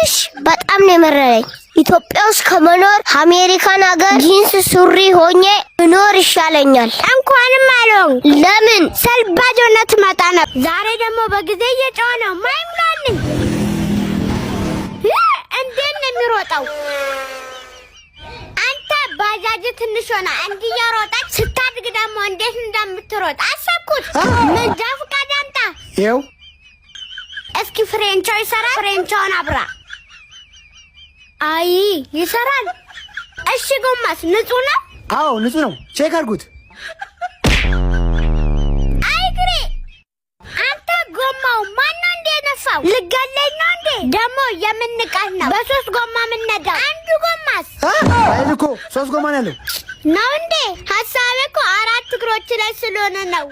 ፊትሽ በጣም ነው የመረረኝ። ኢትዮጵያ ውስጥ ከመኖር አሜሪካን ሀገር ጂንስ ሱሪ ሆኜ እኖር ይሻለኛል። እንኳንም አለው። ለምን ሰልባጆነት መጣ ነው። ዛሬ ደግሞ በጊዜ እየጨዋ ነው። ማይምላልኝ እንዴት ነው የሚሮጠው? አንተ ባጃጅ ትንሽ ሆና እንዲህ እየሮጠች ስታድግ ደግሞ እንዴት እንደምትሮጥ አሰብኩት። መንጃ ፈቃድ አምጣ። ይኸው እስኪ ፍሬንቻው ይሰራ። ፍሬንቻውን አብራ አይ ይሰራል። እሺ ጎማስ ንጹህ ነው? አዎ ንጹህ ነው። ቼክ አድርጉት። አይ ግሬ አንተ ጎማው ማነው እንዴ ነፋው? ልገለኝ ነው እንዴ? ደግሞ የምንቃት ነው። በሶስት ጎማ የምነዳው አንዱ ጎማስ? አይ እኮ ሶስት ጎማ ነው ያለው ነው እንዴ? ሀሳቤ እኮ አራት እግሮች ላይ ስለሆነ ነው።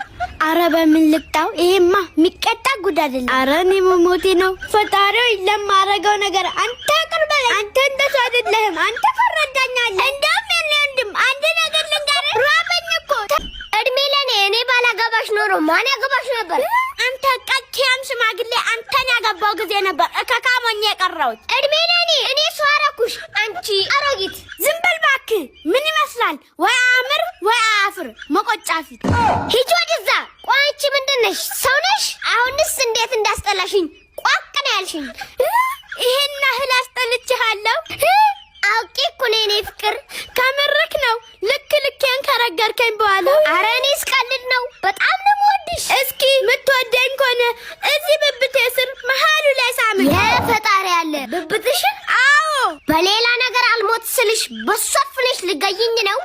አረ በምን ልቅጣው? ይሄማ የሚቀጣ ጉድ አይደለም። አረ እኔ መሞቴ ነው። ፈጣሪው ለማረገው ነገር አንድ አንተ እንደሱ አይደለህም። አንተ ፈረዳኛለህ። እንደውም የኔ ወንድም አንድ ነገር ልንገርህ፣ ራበኝ እኮ እድሜ ለኔ። እኔ ባላገባሽ ኖሮ ማን ያገባሽ ነበር? አንተ ቀኪያም ሽማግሌ አንተን ያገባው ጊዜ ነበር እከካሞኝ የቀረሁት። እድሜ ለኔ። እኔ እሱ አረኩሽ፣ አንቺ አሮጊት። ዝም በል እባክህ። ምን ይመስላል? ወይ አምር ወይ አፍር መቆጫ ፊት። ሂጅ ወደዛ። ቆይ አንቺ ምንድን ነሽ? ሰው ነሽ? አሁንስ እንዴት እንዳስጠላሽኝ! ቋቅ ነው ያልሽኝ። ይሄን ህላስ ጠልቼሃለሁ። አውቄ እኮ ነው የኔ ፍቅር፣ ከምርክ ነው። ልክ ልኬን ከረገርከኝ በኋላ አረ እኔ ስቀልድ ነው። በጣም ነው የምወድሽ። እስኪ ምትወደኝ ከሆነ እዚህ ብብቴ ስር መሀሉ ላይ ሳምን። ፈጣሪ ያለ ብብትሽን። አዎ፣ በሌላ ነገር አልሞት ስልሽ በሷፍነሽ ልገይኝ ነው